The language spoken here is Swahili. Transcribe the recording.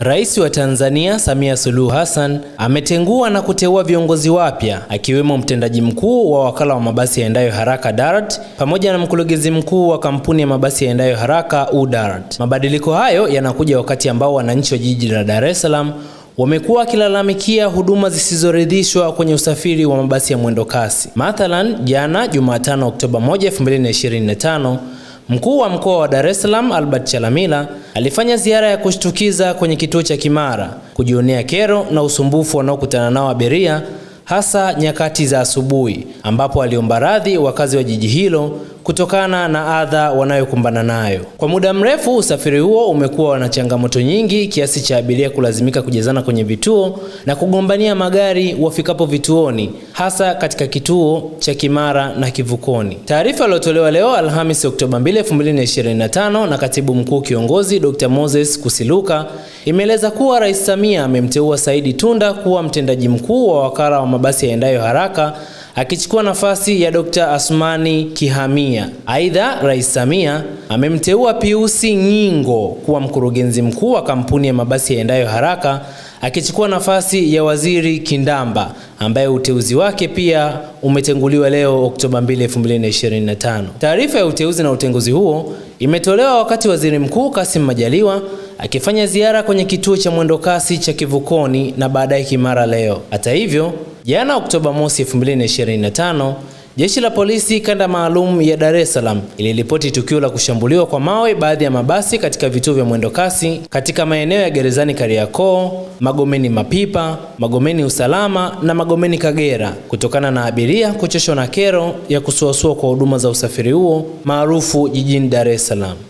Rais wa Tanzania Samia Suluhu Hassan ametengua na kuteua viongozi wapya akiwemo mtendaji mkuu wa wakala wa mabasi yaendayo haraka DART pamoja na mkurugenzi mkuu wa kampuni ya mabasi yaendayo haraka UDART. Mabadiliko hayo yanakuja wakati ambao wananchi wa jiji la Dar es Salaam wamekuwa wakilalamikia huduma zisizoridhishwa kwenye usafiri wa mabasi ya mwendo kasi. Mathalan, jana Jumatano Oktoba 1, 2025 Mkuu wa mkoa wa Dar es Salaam Albert Chalamila alifanya ziara ya kushtukiza kwenye kituo cha Kimara kujionea kero na usumbufu wanaokutana nao abiria hasa nyakati za asubuhi, ambapo aliomba radhi wakazi wa jiji hilo kutokana na adha wanayokumbana nayo. Kwa muda mrefu, usafiri huo umekuwa na changamoto nyingi kiasi cha abiria kulazimika kujazana kwenye vituo na kugombania magari wafikapo vituoni, hasa katika kituo cha Kimara na Kivukoni. Taarifa iliyotolewa leo Alhamisi Oktoba 2, 2025 na Katibu Mkuu Kiongozi Dr. Moses Kusiluka imeeleza kuwa Rais Samia amemteua Saidi Tunda kuwa mtendaji mkuu wa wakala wa mabasi yaendayo haraka akichukua nafasi ya Dr. Asmani Kihamia. Aidha, Rais Samia amemteua Piusi Nyingo kuwa mkurugenzi mkuu wa kampuni ya mabasi yaendayo haraka akichukua nafasi ya Waziri Kindamba ambaye uteuzi wake pia umetenguliwa leo Oktoba 2, 2025. Taarifa ya uteuzi na utenguzi huo imetolewa wakati Waziri Mkuu Kassim Majaliwa akifanya ziara kwenye kituo cha mwendokasi cha Kivukoni na baadaye Kimara leo. Hata hivyo, jana Oktoba mosi 2025 Jeshi la polisi kanda maalum ya Dar es Salaam iliripoti tukio la kushambuliwa kwa mawe baadhi ya mabasi katika vituo vya mwendokasi katika maeneo ya Gerezani Kariakoo, Magomeni Mapipa, Magomeni Usalama na Magomeni Kagera kutokana na abiria kuchoshwa na kero ya kusuasua kwa huduma za usafiri huo maarufu jijini Dar es Salaam.